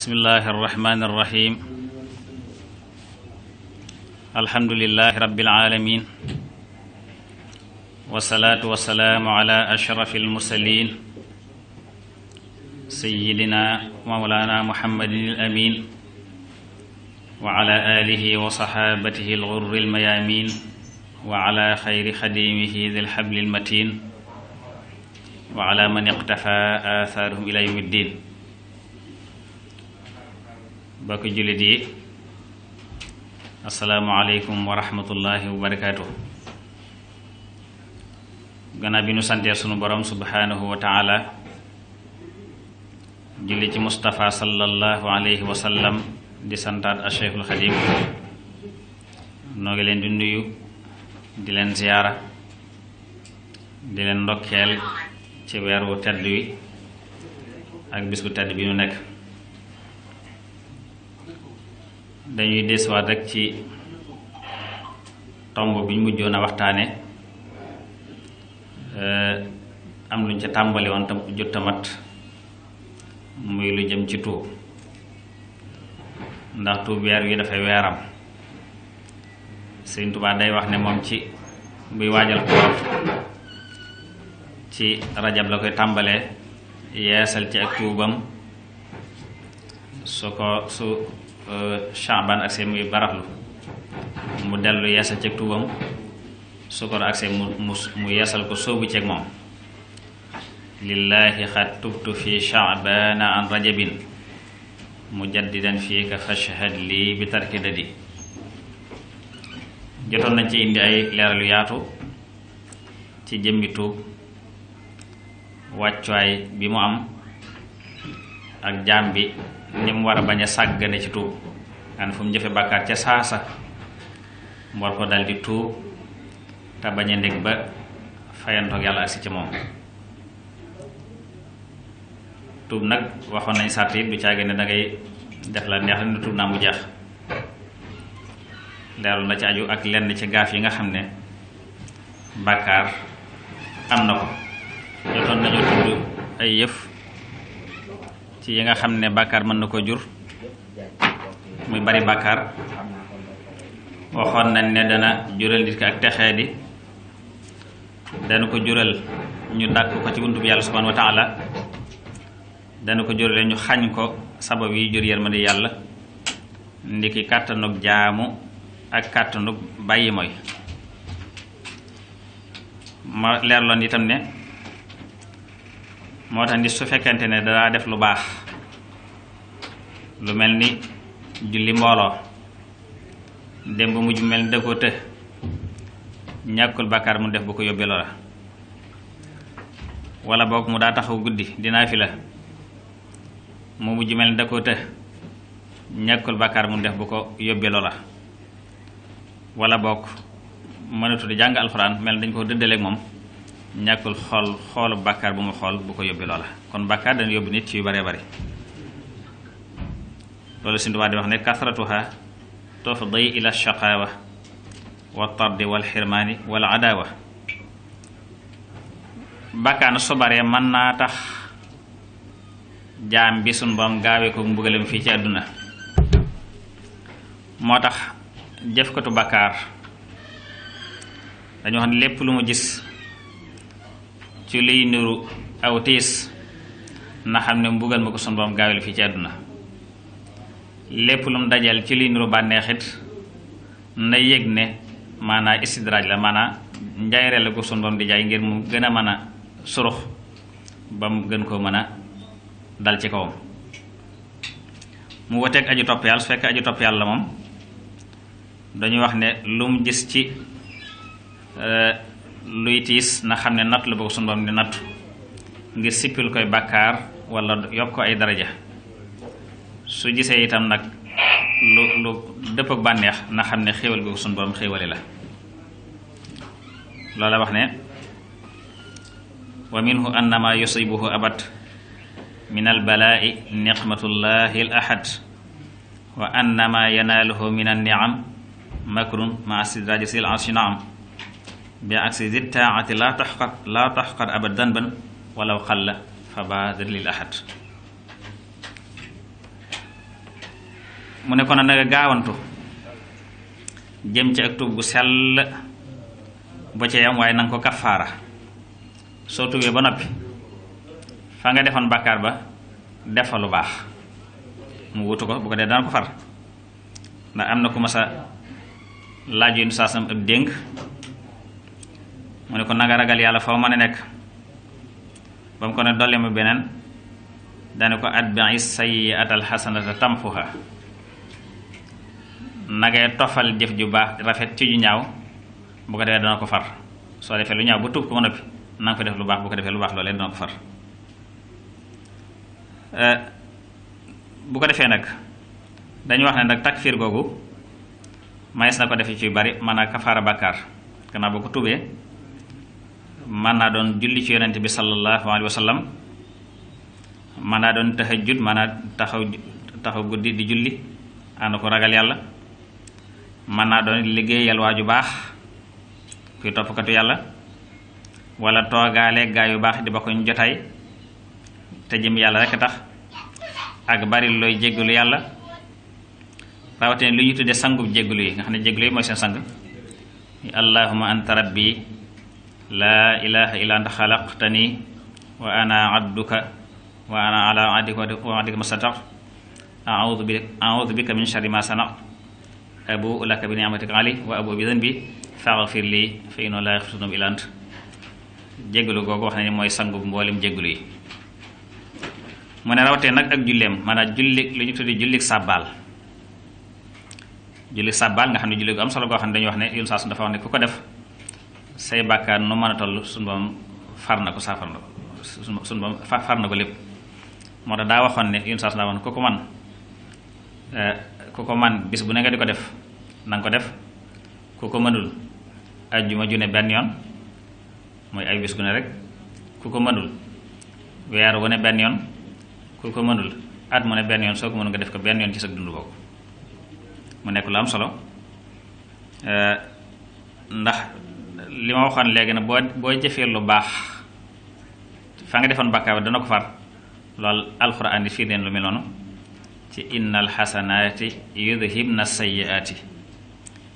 بسم الله الرحمن الرحيم الحمد لله رب العالمين والصلاة والسلام على أشرف المرسلين سيدنا مولانا محمد الأمين وعلى آله وصحابته الغر الميامين وعلى خير خديمه ذي الحبل المتين وعلى من اقتفى آثارهم إلى يوم الدين bokk jullit yi asalaamaaleykum wa rahmatullahi wa barakaatu gannaaw bi nu santee sunu borom subhaanahu wa taala julli ci Mustafa sallallahu alayhi wa sallam di santaat a Cheikhul Xadim noo ngi leen di nuyu di leen ziyaara di leen ndokkeel ci weer wu tedd wi ak bis bu tedd bi ñu nekk dañuy desuwaat rek ci tomb bi ñu mujjoon a waxtaane eh, am luñ ca tàmbali woon tam jot a muy lu jëm ci tuub ndax tuub weer wi dafay weeram Sëriñ day wax ne moom ci buy waajal koor ci rajab la koy tàmbalee yeesal ci ak tuubam su ko su Shaban ak mu baraxlu mu loya yeesal ceeg tubam sukor ak mu mu yeesal ko soobu ceeg moom lillahi xad tubtu fi Shaban an rajabin mujaddidan fiika fashhad li bi tarki dadi jotoon nañ ci indi ay leeral yu yaatu ci jëmmi tuub bi mu am ak bi ñam war a bañ a sàggane ci tuub an fu mu jëfe bàkkaar ca saasa mu war ko dal di tuub te bañ a nekk ba fayantoog yàlla agsi ci moom tuub nag waxoon nañ sàrt yi du caagi ne da ngay def la neex ne tuub naa mu jeex leeral na ci aju ak lenn ci gaaf yi nga xam ne am na ko jotoon nañu tudd ay yëf ci yi nga xam ne bàkkaar mën na ko jur muy bari bàkkaar waxoon nañ ne dana jural nit ki ak texee di dana ko jural ñu dàq ko ci buntu bi yàlla subhanahu wa dana ko jurale ñu xañ ko sabab yi jur yërmande yàlla ndiki kàttanug jaamu ak kàttanug bàyyi mooy ma leerloon itam ne moo tax nit su fekkente ne danaa def lu baax lu mel ni julli mbooloo dem ba mujj mel ni da koo të ñàkkul bàkkaar mu def bu ko yóbbee loola wala boog mu daa taxaw guddi dinaa fi la mu mujj mel ni da koo të ñàkkul bàkkaar mu def bu ko yóbbee loola wala boog mënatul jàng alxuraan mel dañ ko dëddaleeg moom ñakul xol xol bakkar bu mu xol bu ko yobbi lola kon bakkar dañ yobbi nit ci yu bare bare sin suñu di wax ne kasratuha tufdi ila shaqawa wa tardi wal xirmaani wal adawa bakkar na su baree mën naa tax jam bi sun bam gaawee ko mbugalam fi ci motax moo ko jëfkatu bakkar dañu lepp lu mu gis ci lay niru aw tiis na xamne mbugal mako ko sun borom gaawel ci aduna lepp lu mu dajal ci lay niru banexit na yegne mana istidraj la mana njaayre la ko sun bam di jay ngir mu gëna mana mën gën ko mana dal ci kawam mu aju top yalla su aju top yalla mom dañu wax ne lu mu gis ci euh, luy tiis na xam ne natt la bëgg sunu borom di natt ngir sippil koy bàkkaar wala yokk ko ay daraja su gisee itam nag lu lu dëpp ak bànneex na xam ne xéewal bëgg sunu borom xéewale la loola wax ne wa minhu annama yusibuhu abad min albalaai niqmatullahi al ahad wa annama yanaaluhu min an niam makrun ma sidraji sil ansi naam bi aksi di taati laa taxqar laa a abadan ban walaw xalla fa baadir lil ahad mu ne ko na gaawantu jëm ci ak tub gu sell ba ca yam waaye nanga ko kafaara soo tubee ba noppi fa nga defoon bàkkaar ba defa lu baax mu wutu ko bu ko dee dana ko far ndax am na ku masa laaj yu nu saasam ab dénk mune ko naga ragal yàlla foo mën a nekk ko né dolé mu benen dané ko atbii sayyi'ata alxasanata tamfuha nagay tofal def ju baax rafet ci ju ñaaw bu ko defee dana ko far so défé lu ñaaw bu tup ko ba noppi na def lu baax bu ko défé lu baax dana ko far eh, bu ko wax né nak takfir gogou mayes na ko def ci bari maanaam kafaara bakar kana boo ko man naa doon julli ci yonent bi sallallahu alayhi wa sallam mën naa doon tahajjud mën naa taxaw taxaw guddi di julli na ko ragal yàlla mën naa doon liggéeyal waa ju baax kuy toppkatu yàlla wala toogaale gaa yu baax di bokkuñ jotaay te jëm yàlla rekk tax ak bari looy jéggalu yàlla rawatina lu ñu de sangub jéggalu yi nga xam ne jéggalu yi mooy seen sang allahuma anta rabbi laa ilaha illa anta xalaqtani wa ana abduka wa ana ala ahdika wa wa'dika mastatar bi a'udhu bika min sharri ma sanaq abu laka bi ni'matika ali wa abu bi dhanbi faghfir li fa innahu la yaghfiru dhunuba illa ant jéggalu googu wax na ni mooy sangu mboolem jéggalu yi mu ne rawatee nag ak julleem maanaam jullik lu ñu tuddi jullik sàbbaal jullik sàbbaal nga xam ne julli gu am solo goo xam ne dañuy wax ne yul saa dafa wax ne ku ko def say bakkar nu mën a toll suñu far ko safarna suñu far ko lepp mo da ne yun sallallahu laa wasallam ku ko man euh ko man bis bu ne nga diko def nang ko def ko ko manul aljuma june ben yon moy ay bis gu ne rek ko ko manul wer wu ben yon ko ko manul at mu ne benn yoon soo nga def ko ben yon ci sa dundu boobu mu nekk lu am solo eh, ndax li ma waxoon léegi ne boo boo jëfee lu baax fa nga defoon bakkaar bi dana ko far loolu alxuraan di fii leen lu mel noonu ci innal xasanaati yudhibna sayyiaati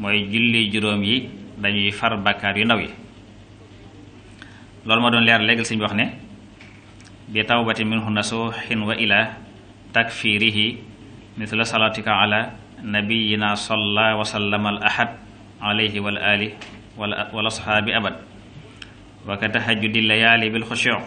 mooy julli juróom yi dañuy far bakkaar yu ndaw yi loolu ma doon leer léegi suñu wax ne bi tawbati minhu nasuhin wa ila takfirihi mithla salatika ala nabiyina salla wa sallama al ahad alayhi wal والأصحاب أبد وكتهجد الليالي بالخشوع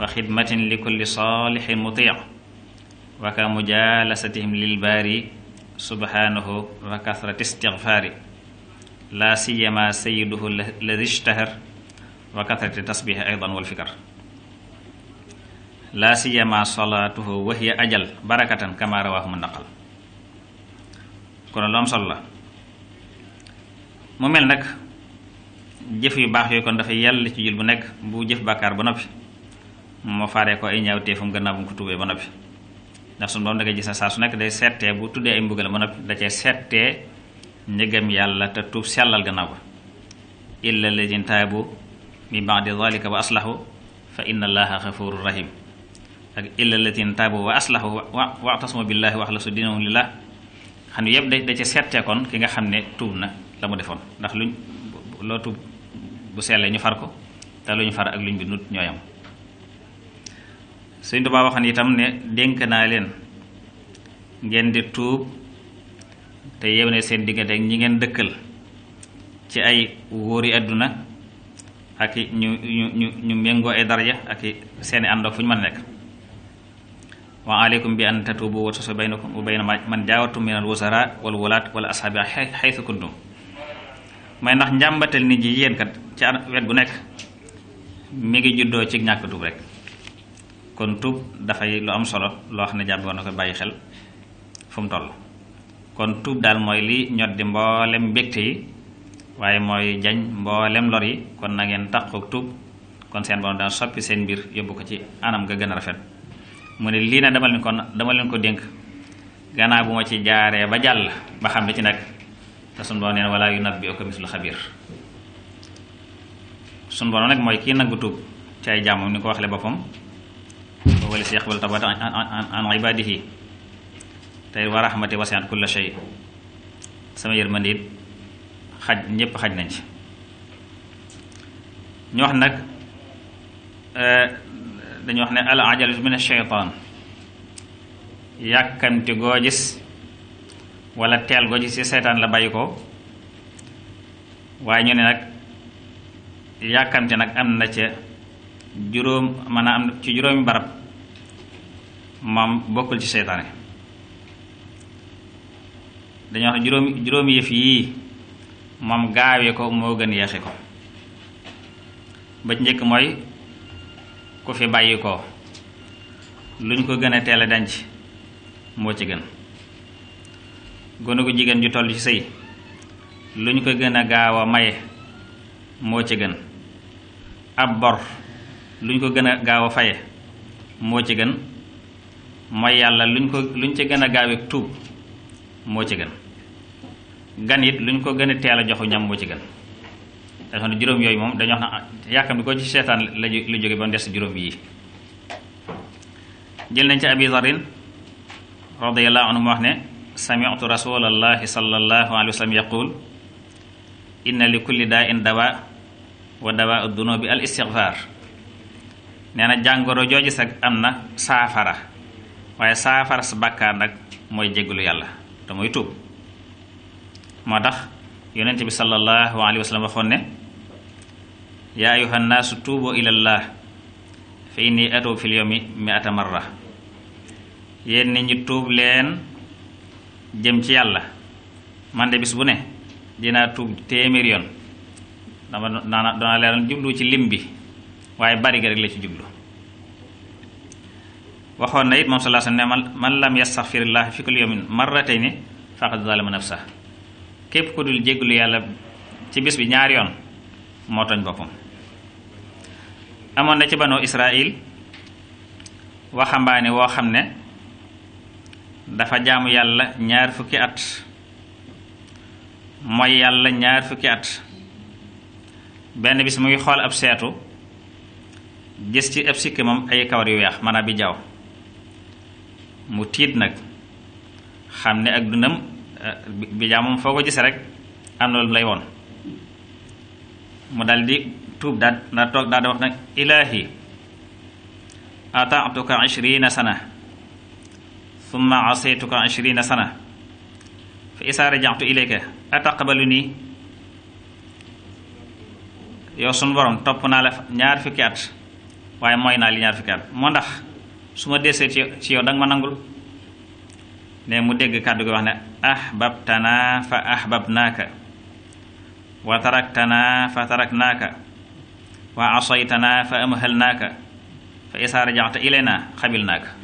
وخدمة لكل صالح مطيع وكمجالستهم للباري سبحانه وكثرة استغفاري لا سيما سيده الذي اشتهر وكثرة تسبيح أيضا والفكر لا سيما صلاته وهي أجل بركة كما رواه من نقل كن لهم صلى الله mu mel nag jëf yu baax yooyu kon dafa yàlla ci jul bu nekk bu jëf bàkkaar ba noppi moo faaree ko ay ñaawteefam gannaaw bu mu ko tuubee ba noppi ndax sun moom da ngay gis ne saa su nekk day settee bu tuddee ay mbugal ba noppi da cee settee njëgam yàlla te tuub sellal gannaaw ba illa alladina taabu min baadi zalika wa aslahu fa inna allaha xafuru rahim ak illa alladina taabu wa aslahu wa waxtasmu billahi wa axlasu dinahu lillah xam ne yëpp da da ci settee kon ki nga xam ne tuub na la mu defoon ndax luñ lootu bu sellee ñu far ko te luñ far ak luñ bi nut ñooyam Sëñ Tuubaa waxoon itam ne dénk naa leen ngeen di tuub te yewne seen diggante ak ñi ngeen dëkkal ci ay wóori àdduna ak ñu ñu ñu ñu méngoo ay daraja ak seeni àndoo fu ñu mën a nekk wa aleykum bi an tatubu wa tasu baynakum wa bayna man jaawartum min al wasara wal wulaat wala ashaabi xaytu kuntum mooy ndax njàmbatal nit ñi yéen kat ci wet bu nekk mu ngi juddoo ci ñàkk tuub rek kon tuub dafay lu am solo loo xam ne jàpp war na ko bàyyi xel fu mu kon tuub daal mooy li ñot di mboolem mbégte yi waaye mooy jañ mboolem lor yi kon nangeen ngeen taqoog tuub kon seen borom daan soppi seen mbir yóbbu ko ci anam nga gën a rafet mu ne lii na dama leen ko dama leen ko dénk gannaaw bu ma ci jaaree ba jàll ba xam ne ci nekk تسون بون ولا ينبئك مثل خبير سون بون نك موي كي نغوتوب تاي جامو نيكو واخلي بوفم هو اللي سيقبل تبارك عن عباده تاي ورحمته وسعت كل شيء سمي يرمانيت خاج نيب خاج نانسي ني واخ نك ا دانيو واخ ني الا عجل من الشيطان ياكنتي جو جيس wala teel ko ci si la bàyyi ko waaye ñu ne nag yàkkamte nag am na ca juróom mën a am ci juróomi barab moom bokkul ci seytaane dañoo wax juróomi juróomi yëf yii moom gaawee ko moo gën yeexe ko ba ci njëkk mooy ku fi bàyyi ko luñ ko gën a teel a denc moo ci gën gone gu jigéen ju toll ci sëy lu ñu ko gën a gaaw a maye moo ci gën ab bor lu ñu ko gën a gaaw a faye moo ci gën mooy yàlla luñ ko luñ ci gën a gaawe tuub moo ci gën gan it luñ ko gën a teel a joxu ñam moo ci gën te xam ne juróom yooyu moom dañoo xam ne yàkkam ko ci seetaan la la jóge ba mu des juróom yi jël nañ ci abi zarin radiyallahu anhu wax ne sami'tu Rasulullah sallallahu alaihi wasallam yaqul inna li kulli da'in dawa wa dawa ad al-istighfar nee na jàngoro jooju sax am na saafara waaye saafara sa bàkkaar YouTube, mooy jégalu yàlla te mooy tuub moo alaihi wasallam waxoon ne yaa ayuha nnaasu tuubu ila llah fa inni atuub fil yawmi mi'ata marra yéen nit ñi tuub leen jëm ci yàlla man de bis bu ne dina tuub téeméer yoon dama dana dana leeral jublu ci lim bi waaye bari ga rek la ci jublu waxoon na it moom salaa ne man man lam yastaxfirillahi fi kulli yawmin marratayni faqad zalama nafsa képp ko dul jéggalu yàlla ci bis bi ñaar yoon moo toñ boppam amoon na ci banoo israil waxambaane woo xam ne dafa jaamu yàlla ñaar fukki at mooy yàlla ñaar fukki at benn bis mu ngi xool ab seetu gis ci ab sikki moom ay kawar yu weex maanaam bi jaaw mu tiit nag xam ne ak dundam eh, bi jaaw moom foo ko gis rek am na lu lay woon mu dal tuub daa toog daal di wax nag ilaahi ata'tuka ishrina sana summa asaytuka ashrina sana fa isaa raja'tu ilayka ataqbalu nii yow sunu borom topp naa la ñaar fukki at waaye mooy naa li ñaar fukki at moo ndax su ma desee ci yow danga ma nangul ne mu dégg kàddu ko wax ne ahbabtanaa fa ahbabnaaka wa taraktanaa fa taraknaaka wa asaytanaa fa amhalnaaka fa isaa raja'ta ilaynaa xabilnaaka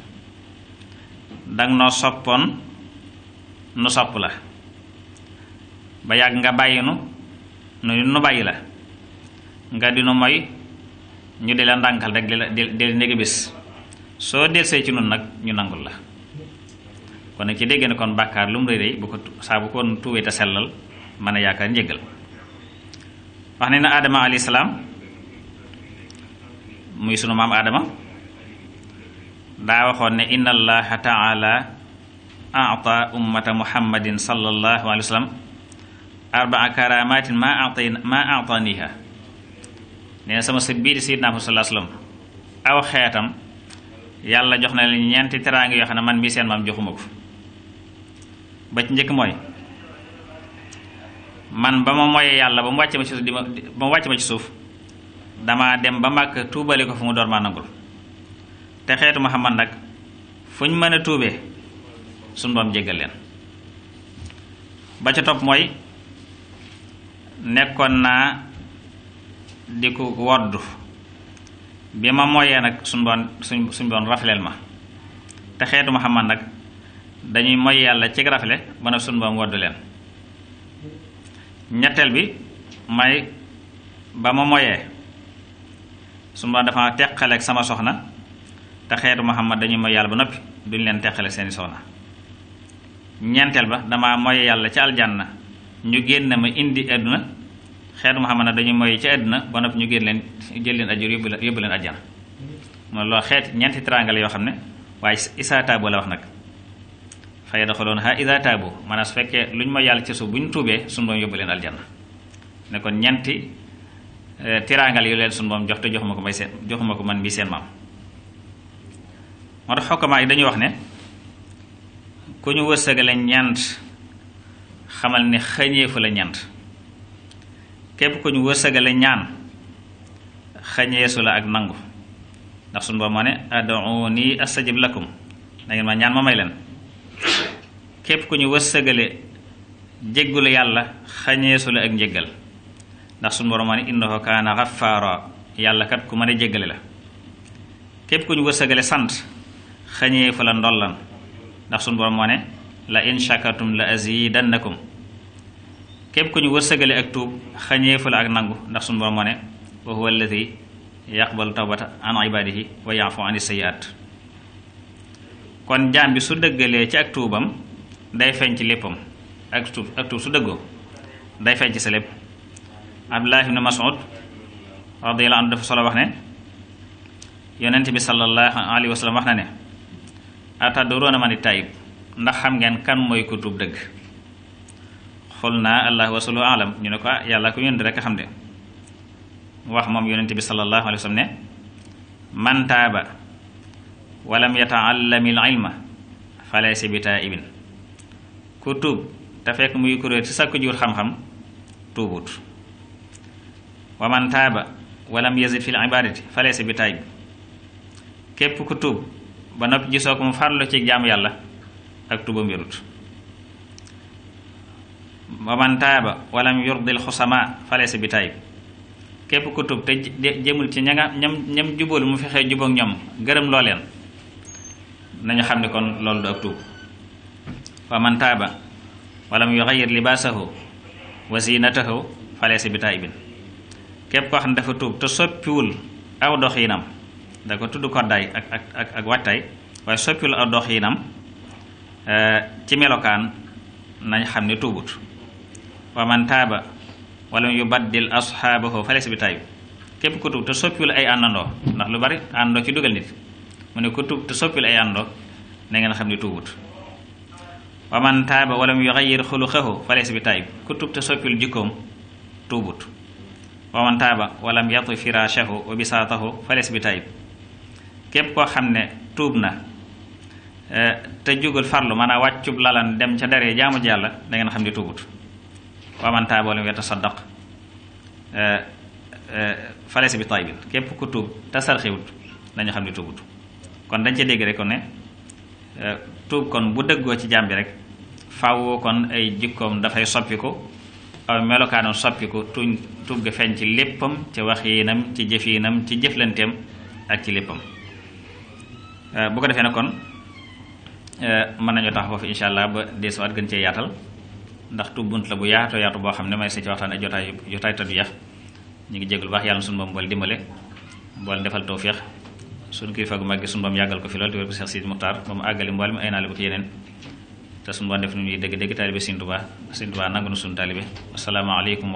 danga noo soppoon nu sopp la ba yàgg nga bàyyi nu nu nu bàyyi la nga di nu moy ñu di la ndànkal rek di la di la néegi bis soo delsee ci nun nag ñu nangul la kon nag ci dégg ne kon bàkkaar lu mu rëy rëy bu ko saa bu ko tuubee te sellal mën a yaakaar njëggal wax ne na aadama alayhi salaam muy sunu maam aadama da waxoon ne inna allah taala ata ummat muhammadin sallallahu alaihi wasallam arbaa karamatin ma atain ma ataniha ne na sama si di sayyidina Muhammad sallallahu alaihi wasallam aw xeetam yalla joxna na ñenti ñeenti yo xana man mii seen mam joxumako ba ci ñeek moy man ba ma moyee yàlla ba mu wàcce ma ci suuf ba mu ma ci suuf dama dem ba mak tuubale ko fu mu dor ma nangul te xeetu Muhammad nag fu ñu mën a tuubee suñu boom jéggal leen ba ca topp mooy nekkoon naa di ko wodd bi ma mooyee nag suñu su suñ rafleel ma te xeetu Muhammad nag dañuy moy yàlla ci rafle ba nag suñu boom leen ñetteel bi may ba ma moyee suñu boon dafa teqaleeg sama soxna te xeetu Muhammad dañu mooy yàlla ba noppi duñ leen teqale seeni soxna ñeenteel ba dama mooy yàlla ci na ñu génn ma indi na xeetu Muhammad na dañuy mooy ci àdduna ba noppi ñu génn leen jël leen ajur yóbbu leen yóbbu leen ajjana mooy loolu xeet ñeenti teraanga la yoo xam ne waaye isa taabo la wax nag fa yadxuluunahaa izaa taaboo maanaam su fekkee lu ñu ma yàlla ci suuf bu ñu tuubee suñu doom yóbbu leen aljanna ne kon ñeenti eh, tiraangal yu leen suñu jox te joxuma ko may seen joxuma ko man mii seen moo tax xokkamaa yi dañuy wax ne ku ñu wër sëgale ñant xamal ne xëñeefu la ñant képp ku ñu sëgale ñaan xëñeesu la ak nangu ndax suñu boobu moo ne ad'uuni astajib lakum da ngeen ma ñaan ma may leen képp ku ñu sëgale jéggulu yàlla xañeesu la ak njéggal ndax suñu borom moo ne innahu kaana gaffaara yàlla kat ku mën a jéggale la képp ku ñu wërsëgale sant xañee fa la ndollan ndax sunu borom moo ne la in shakartum la azidannakum képp ku ñu wërsëgale ak tuub xañee fa la ak nangu ndax sunu borom moo ne wa huwa alladi yaqbalu tawbata an ibadihi wa yafu ani sayiat kon jaam bi su dëggalee ci ak tuubam day feeñ ci léppam ak tuub ak tuub su dëggoo day feeñ ci sa lépp abdullah ibne masud radiallahu anhu dafa solo wax ne yonent bi sallallahu alayhi wa sallam wax na ne atadruuna man itta'ib ndax xam ngeen kan mooy ku tuub dëgg xul naa allah wasulu alam ñu ne ko ah yàlla ko yónni rek a xam de wax moom yonente bi sallallahu alayhi wa sallam ne man taaba walam yataallami al ilma falaysa bi taa'ibin képp ku tuub ba noppi gisoo ko mu farlu ci jaam yàlla ak tubam yarut wa man taaba walam yurdil xusama falaysa bi taayib képp ku tub te jëmul ci ña nga ñam ñam jubóolu mu fexe jubóog ñoom gërëm looleen nañu xam ne kon loolu du ak tuub wa man taaba walam yuxayir libaasahu wa zinatahu falaysa bi taayibin képp koo xam ne dafa tuub te soppiwul aw doxinam da ko tudd koddaay ak ak ak ak wattaay eh, ci melokaan nañ xam ne tuubut man taaba wala yu baddil ashaabahu fales bi taay képp ku tuub te ay àndandoo ndax lu bari àndandoo ci dugal nit mu ne ku te soppilu ay àndandoo na xam ne tuubut wa man taaba walam yuxayir xuluqahu falaysa bi taayib ku tub te soppil jikkoom tuubut wa man taaba yatu firashahu wa bisaatahu falaysa bi taayib képp koo xam ne tuub na eh, te jógul farlu maanaam wàccub lalan dem ca daree jaamu yàlla da ngeen xam ne tuubut wa man taaba wa lam yatasaddaq eh, eh, falaysa bi taybin képp ku tuub te sarxiwut dañu xam ne tuubut kon dañ ca dégg rek ne tuub kon bu dëggoo ci jaam bi rek fawoo kon ay jikkoom dafay soppiku aw melokaanam soppiku tuñ tuub ga feeñ ci léppam ci wax yiinam ci jëf yiinam ci jëflanteem ak ci léppam Eh, bu ko defee nag kon eh, mën nañu tax foofu incha allah ba deesuwaat gën cee yaatal ndax tubunt la bu yaatoo yaatu boo xam ne may si ci waxtaan ak jotaay jotaay tëddu yax ñu ngi jégalu baax yàlla sunu boom bool dimbale bool defal tawfeex sunu kilifa gu mag gi sunu boom yàggal ko fi lool di wér ko Cheikh Sidi Muxtaar ba mu àggali mboolem ay naale ba ko yeneen te sunu boom def nu ñuy dégg dégg taalibe Sëriñ Tuubaa Sëriñ Tuubaa nangu na sunu taalibe asalaamaaleykum